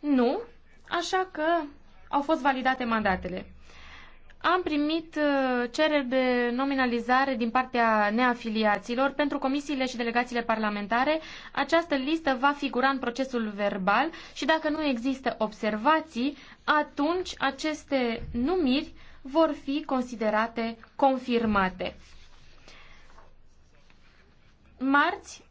Nu, așa că au fost validate mandatele. Am primit uh, cereri de nominalizare din partea neafiliaților pentru comisiile și delegațiile parlamentare. Această listă va figura în procesul verbal și dacă nu există observații, atunci aceste numiri vor fi considerate confirmate. Marți